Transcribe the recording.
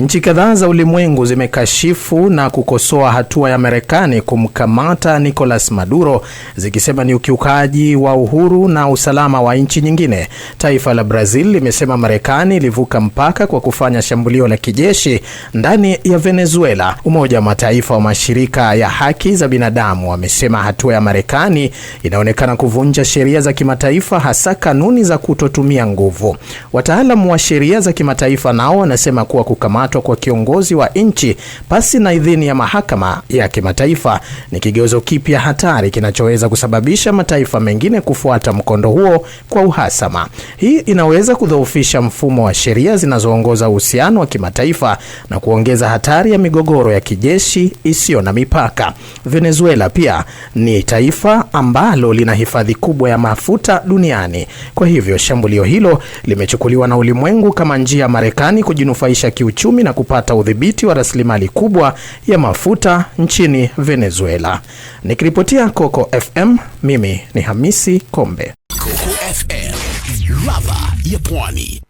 Nchi kadhaa za ulimwengu zimekashifu na kukosoa hatua ya Marekani kumkamata Nicolas Maduro zikisema ni ukiukaji wa uhuru na usalama wa nchi nyingine. Taifa la Brazil limesema Marekani ilivuka mpaka kwa kufanya shambulio la kijeshi ndani ya Venezuela. Umoja wa Mataifa wa mashirika ya haki za binadamu wamesema hatua ya Marekani inaonekana kuvunja sheria za kimataifa, hasa kanuni za kutotumia nguvu. Wataalamu wa sheria za kimataifa nao wanasema kuwa kukamata kukamatwa kwa kiongozi wa nchi pasi na idhini ya mahakama ya kimataifa ni kigezo kipya hatari kinachoweza kusababisha mataifa mengine kufuata mkondo huo kwa uhasama. Hii inaweza kudhoofisha mfumo wa sheria zinazoongoza uhusiano wa kimataifa na kuongeza hatari ya migogoro ya kijeshi isiyo na mipaka. Venezuela pia ni taifa ambalo lina hifadhi kubwa ya mafuta duniani. Kwa hivyo shambulio hilo limechukuliwa na ulimwengu kama njia ya Marekani kujinufaisha kiuchumi uchumi na kupata udhibiti wa rasilimali kubwa ya mafuta nchini Venezuela. Nikiripotia Coco FM, mimi ni Hamisi Kombe, Coco FM, ladha ya Pwani.